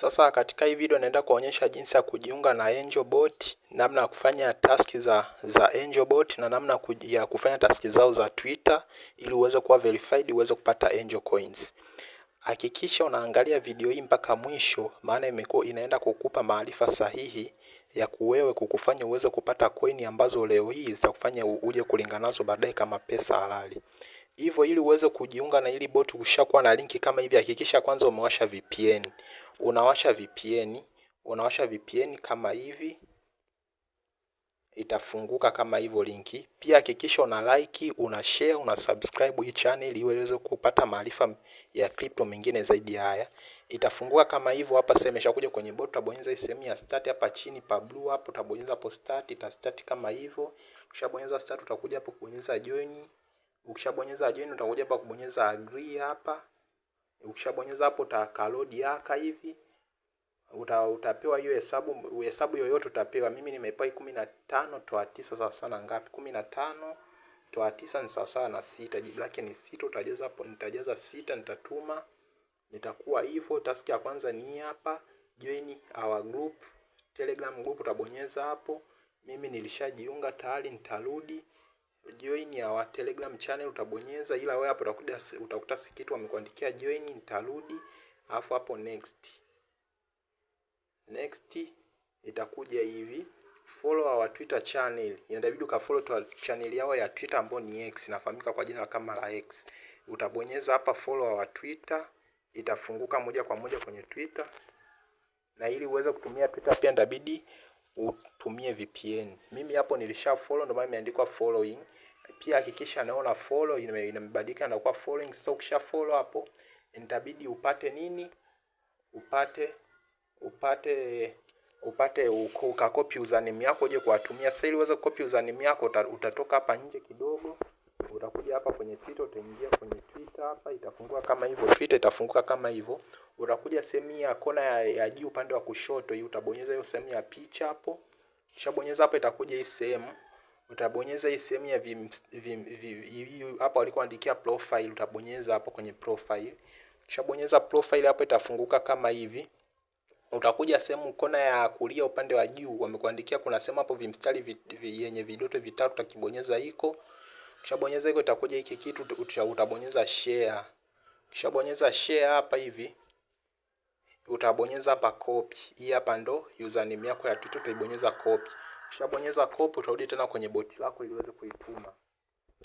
Sasa katika hii video naenda kuonyesha jinsi ya kujiunga na AngelBot, namna ya kufanya taski za za AngelBot na namna ya kufanya taski zao za Twitter ili uweze kuwa verified, uweze kupata Angel Coins. Hakikisha unaangalia video hii mpaka mwisho, maana imekuwa inaenda kukupa maarifa sahihi ya kuwewe kukufanya uweze kupata coin ambazo leo hii zitakufanya uje kulinganazo baadaye kama pesa halali. Hivyo ili uweze kujiunga na hili bot ushakuwa na linki kama hivi, hakikisha kwanza umewasha VPN. Unawasha VPN, unawasha VPN kama hivi, itafunguka kama hivyo linki. Pia hakikisha una like, una share, una subscribe hii channel ili uweze kupata maarifa ya crypto mengine zaidi ya haya. Itafunguka kama hivyo hapa. Sasa imeshakuja kwenye bot, utabonyeza hii sehemu ya start hapa chini pa blue hapo, utabonyeza hapo start, ita start kama hivyo. Ushabonyeza start, utakuja hapo kubonyeza join. Ukishabonyeza join utakuja hapa kubonyeza agree hapa. Ukishabonyeza hapo utakalodi yaka hivi uta, utapewa hiyo hesabu hesabu yoyote utapewa. Mimi nimepewa 15 toa 9 sawa sana ngapi? 15 toa 9 ni sawa na sita. Jibu lake ni sita. Utajaza hapo, nitajaza sita, nitatuma, nitakuwa hivyo. Task ya kwanza ni hapa, join our group, telegram group, utabonyeza hapo. Mimi nilishajiunga tayari, nitarudi join ya Telegram channel utabonyeza, ila wewe hapo utakuta utakuta sikitu wamekuandikia join, nitarudi alafu hapo next. Next itakuja hivi follow our Twitter channel. Inabidi ukafollow channel yao ya Twitter ambayo ni X, inafahamika kwa jina kama la X. Utabonyeza hapa follow our Twitter, itafunguka moja kwa moja kwenye Twitter, na ili uweze kutumia Twitter pia inabidi utumie VPN. Mimi hapo nilisha follow, ndio maana imeandikwa following. Pia hakikisha naona follow inabadilika kuwa following. Sasa ukisha follow hapo, nitabidi upate nini? Upate upate upate ukakopi username yako uje kuwatumia. Sasa ili uweze kukopi username yako utatoka hapa nje kidogo, utakuja hapa kwenye Twitter, utaingia kwenye Twitter hapa, itafungua kama hivyo. Twitter itafunguka kama hivyo. Utakuja sehemu ya kona ya, ya juu upande wa kushoto hii, utabonyeza hiyo sehemu ya picha hapo. Ukishabonyeza hapo, itakuja hii sehemu, utabonyeza hii sehemu ya vim, vim, vim, hapa walikuwa andikia profile, utabonyeza hapo kwenye profile. Ukishabonyeza profile hapo, itafunguka kama hivi. Utakuja sehemu kona ya kulia upande wa juu, wamekuandikia kuna sehemu hapo vimstari vi, vi, yenye vidoto vitatu, utakibonyeza hiko. Ukishabonyeza hiko, itakuja hiki kitu, utabonyeza share. Ukishabonyeza share hapa hivi utabonyeza hapa copy. Hii hapa ndo username yako ya Twitter, utaibonyeza copy. Ukishabonyeza copy, utarudi tena kwenye boti lako ili uweze kuituma.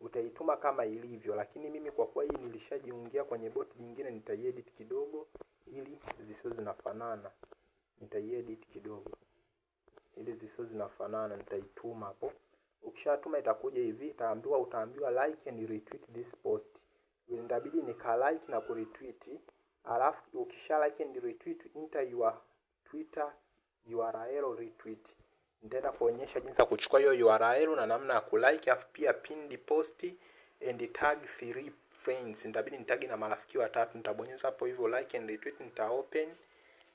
Utaituma kama ilivyo, lakini mimi kwa kuwa hii nilishajiungia kwenye boti nyingine, nitaiedit kidogo ili zisizo zinafanana. Nitaiedit kidogo ili zisizo zinafanana, nitaituma hapo. Ukishatuma itakuja hivi, itaambiwa utaambiwa like and retweet this post. Itabidi nika like na kuretweet alafu ukisha like and retweet enter your Twitter URL retweet. Nitaenda kuonyesha jinsi ya kuchukua hiyo URL na namna ya kulike, afu pia pin post and tag three friends. Nitabidi nitagi na marafiki watatu. Nitabonyeza hapo hivyo like and retweet, nita open.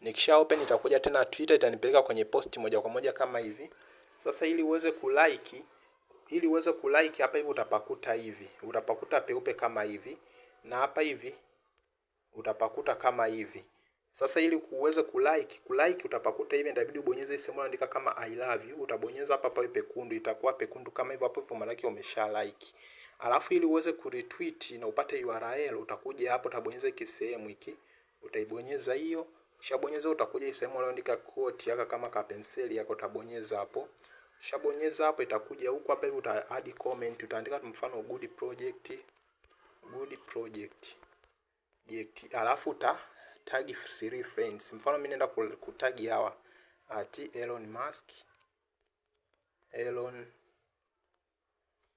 Nikisha open itakuja tena Twitter itanipeleka kwenye post moja kwa moja kama hivi. Sasa ili uweze kulike, ili uweze kulike hapa hivi utapakuta hivi. Utapakuta peupe kama hivi. Na hapa hivi utapakuta kama hivi. Sasa ili kuweze kulike, kulike utapakuta hivi itabidi ubonyeze sehemu inaandika kama I love you, utabonyeza hapa pale pekundu, itakuwa pekundu kama hivyo hapo hivyo, maana umesha like. Alafu ili uweze kuretweet na upate URL utakuja hapo utabonyeza hiki sehemu hiki, utaibonyeza hiyo, ukishabonyeza utakuja hii sehemu inaandika quote yaka kama ka penseli yako utabonyeza hapo. Ukishabonyeza hapo itakuja huku hapa hivi uta add comment, utaandika mfano good project, good project object, alafu uta tag free friends. Mfano mimi naenda kutagi hawa at ah, Elon Musk, Elon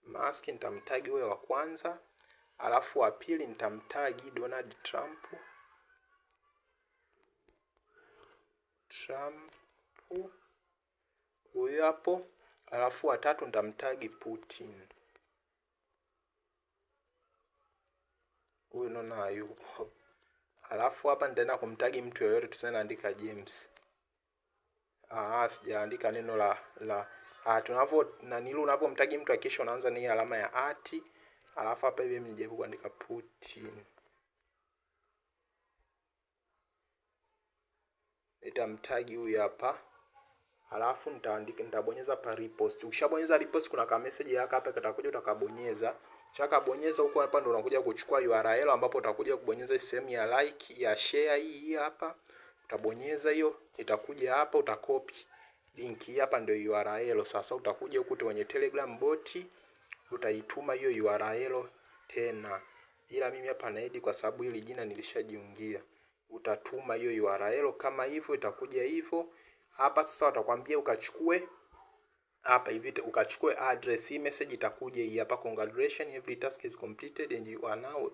Musk nitamtagi huyo wa kwanza, alafu wa pili nitamtagi Donald Trump Trump huyo hapo, alafu watatu nitamtagi Putin. huyu naona yupo. Alafu hapa nitaenda kumtagi mtu yoyote, tuseme naandika James. Ah, sijaandika neno la la ah, tunavyo nilo unavyomtagi mtu akisha unaanza ni alama ya ati. Alafu hapa hivi mnijaribu kuandika Putin. Nitamtagi huyu hapa. Alafu nitaandika nitabonyeza pa repost. Ukishabonyeza repost kuna ka message hapa katakuja utakabonyeza. Chaka bonyeza huko, hapa ndo unakuja kuchukua URL ambapo utakuja kubonyeza sehemu ya like ya share hii hii hapa, utabonyeza hiyo, itakuja hapa, utakopi link hii hapa, ndio URL. Sasa utakuja huko kwenye Telegram boti utaituma hiyo URL tena, ila mimi hapa naedi kwa sababu hili jina nilishajiungia. Utatuma hiyo URL kama hivyo, itakuja hivyo hapa. Sasa watakwambia ukachukue hapa hivi ukachukue address. Hii message itakuja hii hapa, congratulations every task is completed and you are now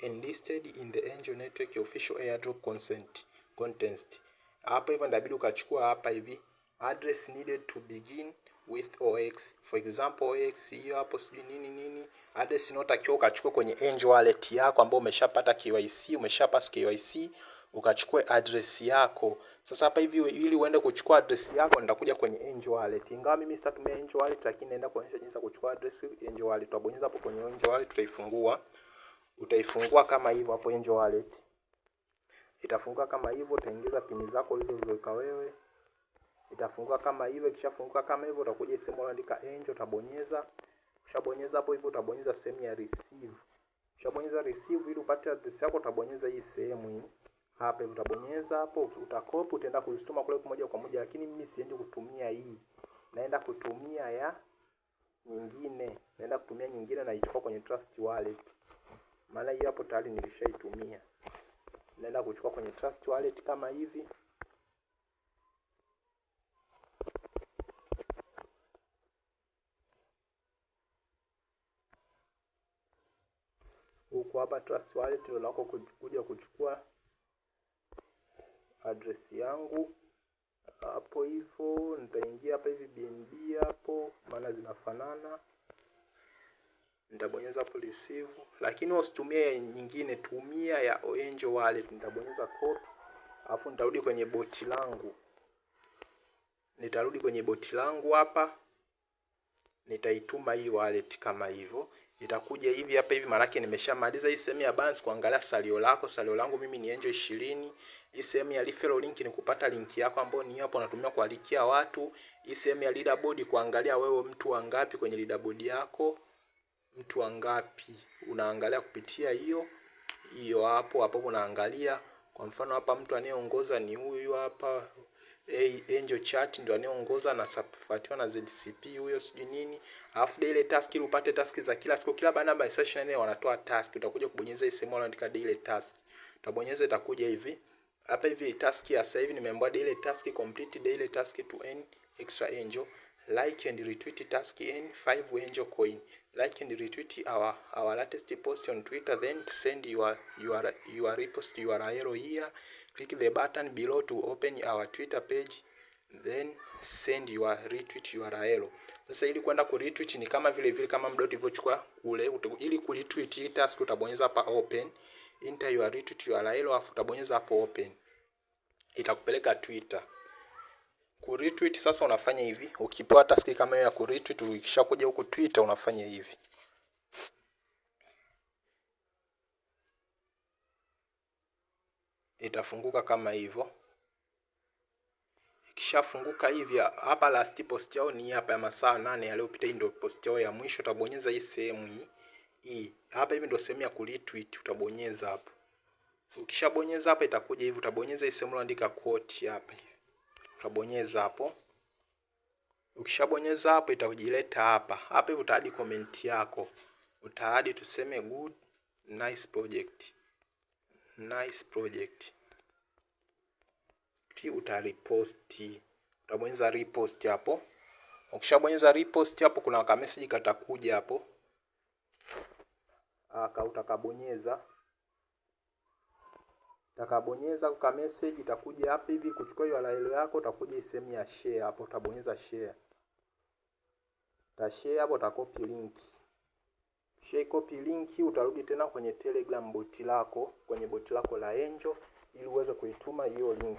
enlisted in the Angel Network official airdrop consent contest. Hapa hivyo ndabidi ukachukua hapa hivi address needed to begin with OX for example, OX hiyo hapo, sijui nini nini, address inayotakiwa ukachukua kwenye Angel wallet yako ambayo umeshapata KYC, umeshapass KYC ukachukue address yako. Sasa hapa hivi ili uende kuchukua address yako, nitakuja kwenye Angel Wallet. Ingawa mimi sitatumia Angel Wallet, lakini naenda kuonyesha jinsi ya kuchukua address Angel Wallet. Utabonyeza hapo kwenye Angel Wallet, utaifungua utaifungua kama hivyo hapo. Angel Wallet itafunguka kama hivyo, utaingiza PIN zako hizo ulizoweka wewe, itafunguka kama hivyo. Ikishafunguka kama hivyo, utakuja sehemu unaandika Angel, utabonyeza. Ukishabonyeza hapo hivyo, utabonyeza sehemu ya receive. Ukishabonyeza receive, ili upate address yako, utabonyeza hii sehemu hii hapa mtabonyeza hapo, utakopi utaenda kuzituma kule moja kwa moja, lakini mimi siendi kutumia hii, naenda kutumia ya nyingine, naenda kutumia nyingine, naichukua kwenye Trust Wallet, maana hiyo hapo tayari nilishaitumia. Naenda kuchukua kwenye Trust Wallet kama hivi, huku hapa Trust Wallet ndio lako kuja kuchukua address yangu hapo hivyo. Nitaingia hapa hivi BNB hapo, maana zinafanana. Nitabonyeza hapo receive, lakini usitumie nyingine, tumia ya Angel Wallet. Nitabonyeza copy, hapo nitarudi kwenye boti langu, nitarudi kwenye boti langu hapa nitaituma hii wallet kama hivyo, itakuja hivi hapa hivi. Maanake nimeshamaliza hii sehemu ya balance, kuangalia salio lako. Salio langu mimi ni Angel ishirini. Hii sehemu ya referral link ni kupata link yako ambayo ni hapo unatumia kualikia watu. Hii sehemu ya leaderboard kuangalia wewe mtu wangapi kwenye leaderboard yako, mtu wangapi unaangalia kupitia hiyo hiyo hapo hapo unaangalia. Kwa mfano hapa mtu anayeongoza ni huyu hapa hey, Angel Chat ndio anayeongoza na safuatiwa na ZCP huyo sijui nini. Alafu daily task ili upate task za kila siku, kila baada ya session 24 wanatoa task. Utakuja kubonyeza hii sehemu anaandika daily task, utabonyeza itakuja hivi. Hapa hivi task ya sasa hivi nimeembwada ile task complete daily task to earn extra angel like and retweet task earn 5 angel coin like and retweet our our latest post on Twitter then send your your your repost your URL here click the button below to open our Twitter page then send your retweet your URL. Sasa ili kwenda ku retweet ni kama vile vile kama mdot ilivyochukua kule, ili ku retweet task utabonyeza pa open enter your retweet URL afu utabonyeza hapo open, itakupeleka Twitter ku retweet. Sasa unafanya hivi, ukipewa task kama hiyo ya ku retweet, ukishakuja huku Twitter unafanya hivi itafunguka kama hivyo. Ikishafunguka hivi, hapa last post yao ni hapa ya masaa nane yaliyopita. Hii ndio post yao ya mwisho, utabonyeza hii sehemu hii hii e, Hapa hivi ndio sehemu ya kulitweet, utabonyeza hapo. Ukishabonyeza hapa itakuja hivi, utabonyeza hii sehemu andika quote hapa Utabonyeza hapo. Ukishabonyeza hapo itakujileta hapa. Hapa hivi utaadi comment yako. Utaadi tuseme good nice project. Nice project. Ti utareposti. Utabonyeza repost hapo. Ukishabonyeza repost hapo kuna ka message katakuja hapo utakabonyeza utakabonyeza kwa message itakuja hapa hivi kuchukua URL yako, utakuja sehemu ya share hapo, utabonyeza share, utashare hapo, utakopi link share, copy link, utarudi tena kwenye Telegram boti lako, kwenye boti lako la Angel ili uweze kuituma hiyo link.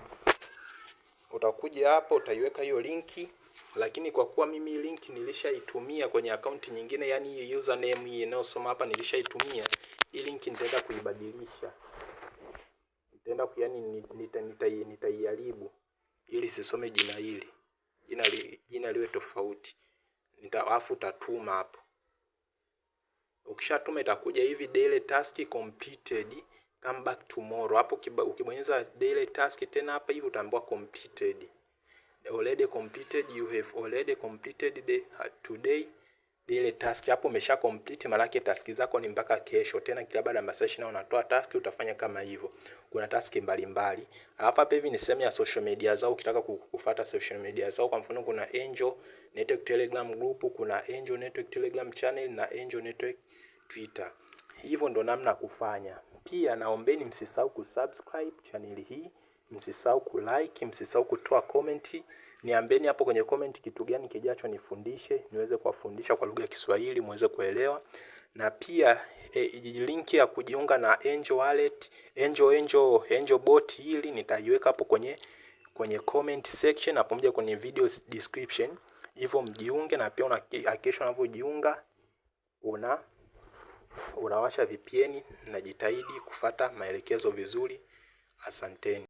Utakuja hapo, utaiweka hiyo linki lakini kwa kuwa mimi link nilishaitumia kwenye akaunti nyingine, yani hii username hii inayosoma hapa nilishaitumia, hii link nitaenda kuibadilisha, nitaenda yani nitaiharibu, nita, nita ili sisome jina hili, jina li, jina liwe tofauti, nita afu utatuma hapo. Ukishatuma itakuja hivi daily task completed come back tomorrow. Hapo ukibonyeza daily task tena hapa hivi utaambiwa completed already completed, you have already completed the uh, today ile task hapo umesha complete, maanake task zako ni mpaka kesho. Tena kila baada ya session na unatoa task, utafanya kama hivyo. Kuna task mbalimbali, alafu hapa hivi ni sehemu ya social media zao. Ukitaka kufuata social media zao, kwa mfano kuna Angel Network Telegram group, kuna Angel Network Telegram channel na Angel Network Twitter. Hivyo ndo namna kufanya. Pia naombeni msisahau kusubscribe channel hii. Msisahau kulike, msisahau kutoa komenti. Niambeni hapo kwenye komenti kitu gani kijacho nifundishe, niweze kuwafundisha kwa lugha ya Kiswahili muweze kuelewa. Na pia e, eh, linki ya kujiunga na Angel Wallet, Angel Angel Angel bot hili nitaiweka hapo kwenye kwenye comment section na pamoja kwenye video description. Hivyo mjiunge, na pia unahakikisha unavyojiunga una unawasha VPN na jitahidi kufata maelekezo vizuri. Asanteni.